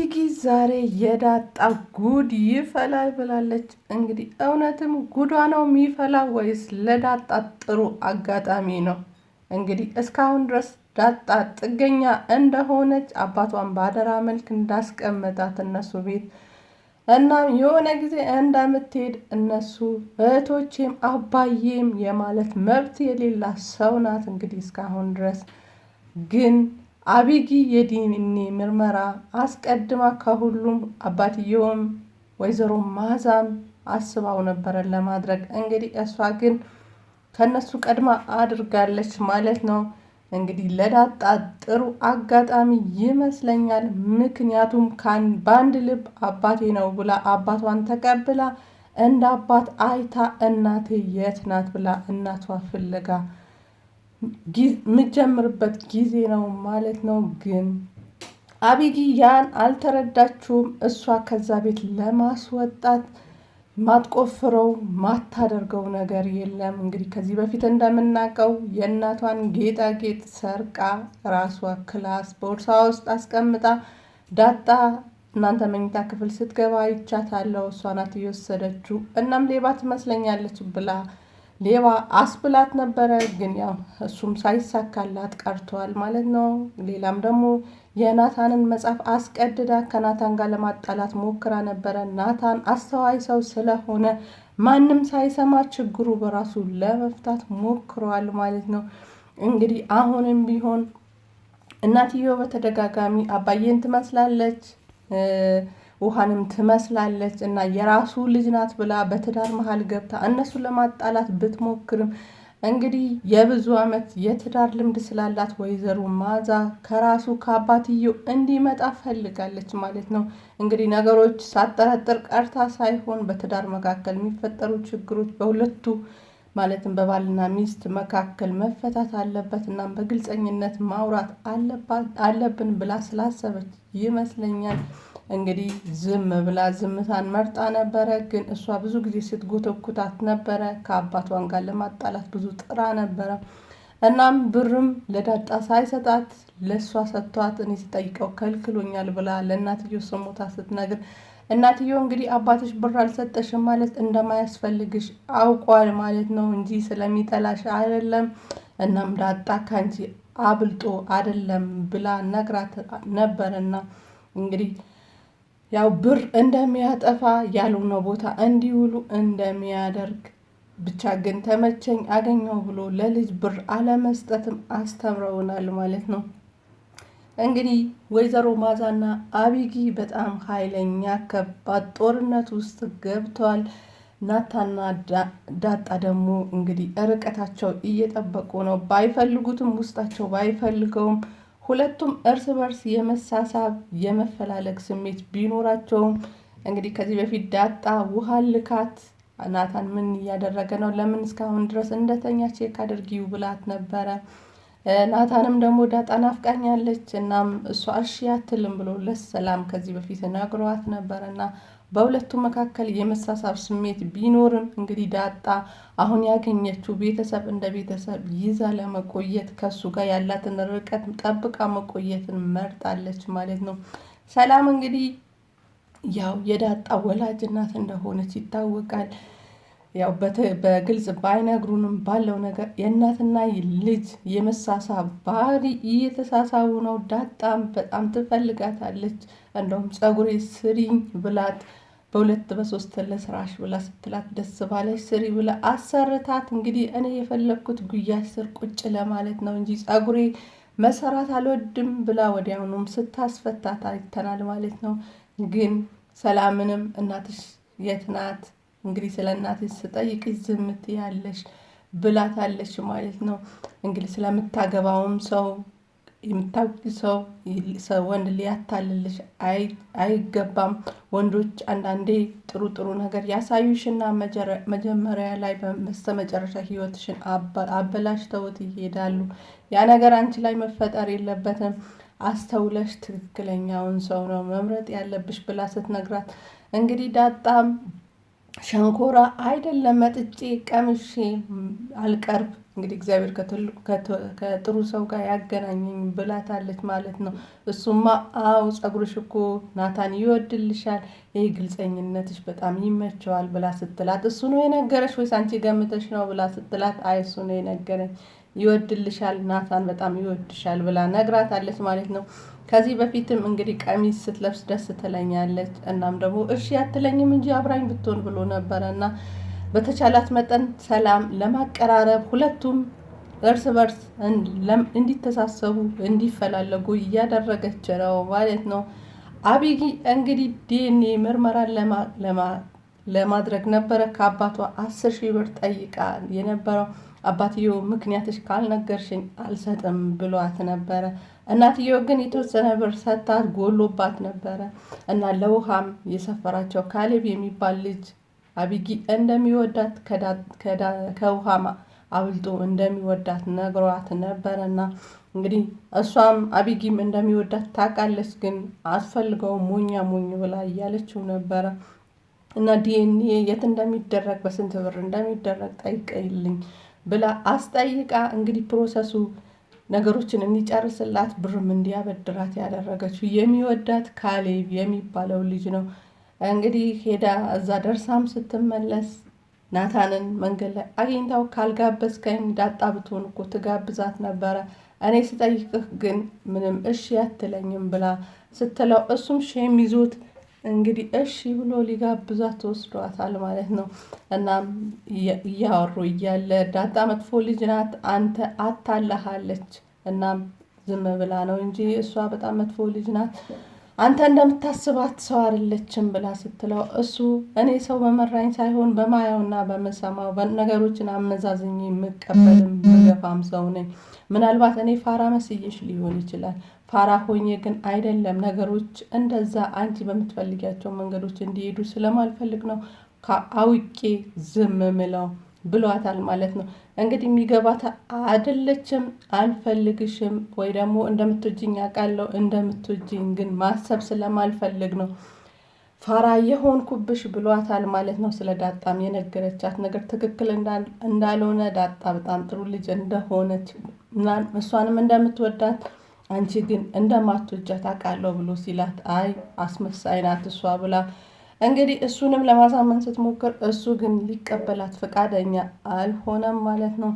ዳጊ ዛሬ የዳጣ ጉድ ይፈላል ብላለች። እንግዲህ እውነትም ጉዷ ነው የሚፈላ ወይስ ለዳጣ ጥሩ አጋጣሚ ነው? እንግዲህ እስካሁን ድረስ ዳጣ ጥገኛ እንደሆነች አባቷን በአደራ መልክ እንዳስቀመጣት እነሱ ቤት እናም የሆነ ጊዜ እንደምትሄድ እነሱ እህቶቼም አባዬም የማለት መብት የሌላ ሰው ናት። እንግዲህ እስካሁን ድረስ ግን አቢጊ የዲኤንኤ ምርመራ አስቀድማ ከሁሉም አባትየውም ወይዘሮ ማዛም አስባው ነበረ ለማድረግ እንግዲህ እሷ ግን ከነሱ ቀድማ አድርጋለች ማለት ነው። እንግዲህ ለዳጣ ጥሩ አጋጣሚ ይመስለኛል። ምክንያቱም በአንድ ልብ አባቴ ነው ብላ አባቷን ተቀብላ እንደ አባት አይታ እናቴ የት ናት ብላ እናቷ ፍለጋ የምጀምርበት ጊዜ ነው ማለት ነው። ግን አቢጊ ያን አልተረዳችውም። እሷ ከዛ ቤት ለማስወጣት ማትቆፍረው ማታደርገው ነገር የለም። እንግዲህ ከዚህ በፊት እንደምናውቀው የእናቷን ጌጣጌጥ ሰርቃ ራሷ ክላስ ቦርሳ ውስጥ አስቀምጣ ዳጣ እናንተ መኝታ ክፍል ስትገባ ይቻታለው፣ እሷ ናት እየወሰደችው፣ እናም ሌባ ትመስለኛለች ብላ ሌባ አስብላት ነበረ። ግን ያው እሱም ሳይሳካላት ቀርቷል ማለት ነው። ሌላም ደግሞ የናታንን መጽሐፍ አስቀድዳ ከናታን ጋር ለማጣላት ሞክራ ነበረ። ናታን አስተዋይ ሰው ስለሆነ ማንም ሳይሰማ ችግሩ በራሱ ለመፍታት ሞክሯል ማለት ነው። እንግዲህ አሁንም ቢሆን እናትየው በተደጋጋሚ አባዬን ትመስላለች ውሃንም ትመስላለች እና የራሱ ልጅ ናት ብላ በትዳር መሀል ገብታ እነሱን ለማጣላት ብትሞክርም እንግዲህ የብዙ ዓመት የትዳር ልምድ ስላላት ወይዘሮ ማዛ ከራሱ ከአባትየው እንዲመጣ ፈልጋለች ማለት ነው። እንግዲህ ነገሮች ሳጠረጥር ቀርታ ሳይሆን በትዳር መካከል የሚፈጠሩ ችግሮች በሁለቱ ማለትም በባልና ሚስት መካከል መፈታት አለበት እና በግልጸኝነት ማውራት አለብን ብላ ስላሰበች ይመስለኛል እንግዲህ ዝም ብላ ዝምታን መርጣ ነበረ። ግን እሷ ብዙ ጊዜ ስትጎተኩታት ነበረ። ከአባቷን ጋር ለማጣላት ብዙ ጥራ ነበረ። እናም ብርም ለዳጣ ሳይሰጣት ለእሷ ሰጥቷት እኔ ስጠይቀው ከልክሎኛል ብላ ለእናትዮ ስሞታ ስትነግር እናትዮ እንግዲህ አባትሽ ብር አልሰጠሽም ማለት እንደማያስፈልግሽ አውቋል ማለት ነው እንጂ ስለሚጠላሽ አይደለም። እናም ዳጣ ካንቺ አብልጦ አይደለም ብላ ነግራት ነበረና እንግዲህ ያው ብር እንደሚያጠፋ ያልሆነ ቦታ እንዲውሉ እንደሚያደርግ ብቻ ግን ተመቸኝ አገኘው ብሎ ለልጅ ብር አለመስጠትም አስተምረውናል ማለት ነው። እንግዲህ ወይዘሮ ማዛና አቢጊ በጣም ኃይለኛ ከባድ ጦርነት ውስጥ ገብተዋል። ናታና ዳጣ ደግሞ እንግዲህ ርቀታቸው እየጠበቁ ነው። ባይፈልጉትም ውስጣቸው ባይፈልገውም ሁለቱም እርስ በርስ የመሳሳብ የመፈላለግ ስሜት ቢኖራቸውም እንግዲህ ከዚህ በፊት ዳጣ ውሃ ልካት ናታን ምን እያደረገ ነው? ለምን እስካሁን ድረስ እንደተኛ ቼክ አድርጊው ብላት ነበረ። ናታንም ደግሞ ዳጣ ናፍቃኛለች፣ እናም እሷ እሺ አትልም ብሎ ለሰላም ከዚህ በፊት ነግሯት ነበረ እና በሁለቱም መካከል የመሳሳብ ስሜት ቢኖርም እንግዲህ ዳጣ አሁን ያገኘችው ቤተሰብ እንደ ቤተሰብ ይዛ ለመቆየት ከሱ ጋር ያላትን ርቀት ጠብቃ መቆየትን መርጣለች ማለት ነው። ሰላም እንግዲህ ያው የዳጣ ወላጅ እናት እንደሆነች ይታወቃል። ያው በግልጽ ባይነግሩንም ባለው ነገር የእናትና ልጅ የመሳሳብ ባህሪ እየተሳሳቡ ነው። ዳጣም በጣም ትፈልጋታለች። እንደውም ፀጉሬ ስሪኝ ብላት በሁለት በሶስት ለስራሽ ብላ ስትላት ደስ ባለች ስሪ ብላ አሰርታት። እንግዲህ እኔ የፈለግኩት ጉያሽ ስር ቁጭ ለማለት ነው እንጂ ፀጉሬ መሰራት አልወድም ብላ ወዲያውኑም ስታስፈታት አይተናል ማለት ነው። ግን ሰላምንም እናትሽ የት ናት እንግዲህ ስለ እናትሽ ስጠይቅሽ ዝም ትያለሽ ብላታለች ማለት ነው። እንግዲህ ስለምታገባውም ሰው የምታውቂ ሰው ወንድ ሊያታልልሽ አይገባም። ወንዶች አንዳንዴ ጥሩ ጥሩ ነገር ያሳዩሽና መጀመሪያ ላይ በስተ መጨረሻ ሕይወትሽን አበላሽተውት ይሄዳሉ። ያ ነገር አንቺ ላይ መፈጠር የለበትም። አስተውለሽ ትክክለኛውን ሰው ነው መምረጥ ያለብሽ ብላ ስትነግራት እንግዲህ ዳጣም ሸንኮራ አይደለም መጥጬ ቀምሼ አልቀርብ። እንግዲህ እግዚአብሔር ከጥሩ ሰው ጋር ያገናኘኝ ብላታለች ማለት ነው። እሱማ አው ጸጉርሽ እኮ ናታን ይወድልሻል፣ ይህ ግልጸኝነትሽ በጣም ይመቸዋል ብላ ስትላት እሱ ነው የነገረሽ ወይስ አንቺ ገምተሽ ነው ብላ ስትላት አይ እሱ ነው የነገረኝ ይወድልሻል ናታን በጣም ይወድሻል ብላ ነግራታለች ማለት ነው። ከዚህ በፊትም እንግዲህ ቀሚስ ስትለብስ ደስ ትለኛለች፣ እናም ደግሞ እሺ አትለኝም እንጂ አብራኝ ብትሆን ብሎ ነበረ እና በተቻላት መጠን ሰላም ለማቀራረብ ሁለቱም እርስ በርስ እንዲተሳሰቡ እንዲፈላለጉ እያደረገች ነው ማለት ነው። አቢጊ እንግዲህ ዲኤንኤ ምርመራ ለማድረግ ነበረ ከአባቷ አስር ሺህ ብር ጠይቃ የነበረው አባትዮ ምክንያትሽ ካልነገርሽኝ አልሰጥም ብሏት ነበረ። እናትዮ ግን የተወሰነ ብር ሰጥታት ጎሎባት ነበረ እና ለውሃም የሰፈራቸው ካሌብ የሚባል ልጅ አቢጊ እንደሚወዳት ከውሃም አብልጦ እንደሚወዳት ነግሯት ነበረ እና እንግዲህ እሷም አቢጊም እንደሚወዳት ታውቃለች፣ ግን አስፈልገው ሞኛ ሞኝ ብላ እያለችው ነበረ እና ዲኤንኤ የት እንደሚደረግ በስንት ብር እንደሚደረግ ጠይቀይልኝ ብላ አስጠይቃ እንግዲህ ፕሮሰሱ ነገሮችን እንዲጨርስላት ብርም እንዲያበድራት ያደረገችው የሚወዳት ካሌብ የሚባለው ልጅ ነው። እንግዲህ ሄዳ እዛ ደርሳም ስትመለስ ናታንን መንገድ ላይ አግኝታው ካልጋበዝከኝ ዳጣ ብትሆን እኮ ትጋብዛት ነበረ፣ እኔ ስጠይቅህ ግን ምንም እሺ አትለኝም ብላ ስትለው እሱም ሼም ይዞት እንግዲህ እሺ ብሎ ሊጋብዛት ተወስዷታል ማለት ነው። እናም እያወሩ እያለ ዳጣ መጥፎ ልጅ ናት፣ አንተ አታላሃለች። እናም ዝም ብላ ነው እንጂ እሷ በጣም መጥፎ ልጅ ናት አንተ እንደምታስባት ሰው አይደለችም ብላ ስትለው እሱ እኔ ሰው በመራኝ ሳይሆን በማየውና በምሰማው ነገሮችን አመዛዝኝ የምቀበልም ምገፋም ሰው ነኝ። ምናልባት እኔ ፋራ መስዬሽ ሊሆን ይችላል። ፋራ ሆኜ ግን አይደለም። ነገሮች እንደዛ አንቺ በምትፈልጊያቸው መንገዶች እንዲሄዱ ስለማልፈልግ ነው አውቄ ዝም ምለው ብሏታል ማለት ነው። እንግዲህ የሚገባት አደለችም፣ አልፈልግሽም ወይ ደግሞ እንደምትወጂኝ አውቃለሁ፣ እንደምትወጂኝ ግን ማሰብ ስለማልፈልግ ነው ፋራ የሆንኩብሽ ብሏታል ማለት ነው። ስለ ዳጣም የነገረቻት ነገር ትክክል እንዳልሆነ ዳጣ በጣም ጥሩ ልጅ እንደሆነች እሷንም እንደምትወዳት አንቺ ግን እንደማትወጃት አውቃለሁ ብሎ ሲላት አይ አስመሳይ ናት እሷ ብላ እንግዲህ እሱንም ለማሳመን ስትሞክር እሱ ግን ሊቀበላት ፈቃደኛ አልሆነም ማለት ነው።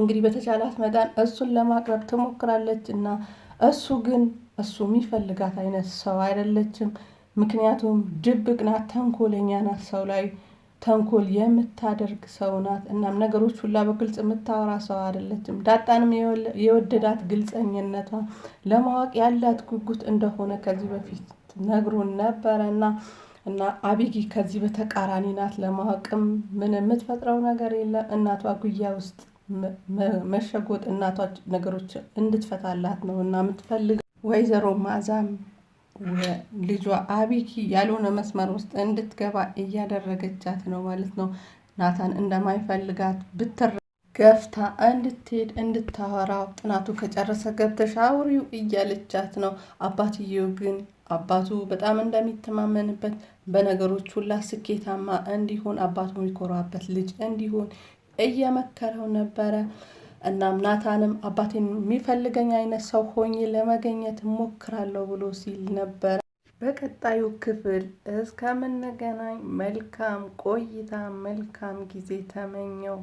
እንግዲህ በተቻላት መጠን እሱን ለማቅረብ ትሞክራለች እና እሱ ግን እሱ የሚፈልጋት አይነት ሰው አይደለችም። ምክንያቱም ድብቅ ናት፣ ተንኮለኛ ናት፣ ሰው ላይ ተንኮል የምታደርግ ሰው ናት። እናም ነገሮች ሁላ በግልጽ የምታወራ ሰው አይደለችም። ዳጣንም የወደዳት ግልጸኝነቷ፣ ለማወቅ ያላት ጉጉት እንደሆነ ከዚህ በፊት ነግሮን ነበረ እና እና አቢጊ ከዚህ በተቃራኒ ናት። ለማወቅም ምን የምትፈጥረው ነገር የለ። እናቷ ጉያ ውስጥ መሸጎጥ፣ እናቷ ነገሮች እንድትፈታላት ነው እና የምትፈልግ ወይዘሮ ማዛም ልጇ አቢጊ ያልሆነ መስመር ውስጥ እንድትገባ እያደረገቻት ነው ማለት ነው። ናታን እንደማይፈልጋት ብትር ገፍታ እንድትሄድ እንድታወራው ጥናቱ ከጨረሰ ገብተሽ አውሪው እያለቻት ነው። አባትየው ግን አባቱ በጣም እንደሚተማመንበት በነገሮች ሁላ ስኬታማ እንዲሆን አባቱ የሚኮራበት ልጅ እንዲሆን እየመከረው ነበረ። እናም ናታንም አባቴን የሚፈልገኝ አይነት ሰው ሆኜ ለመገኘት ሞክራለሁ ብሎ ሲል ነበረ። በቀጣዩ ክፍል እስከምንገናኝ መልካም ቆይታ፣ መልካም ጊዜ ተመኘው።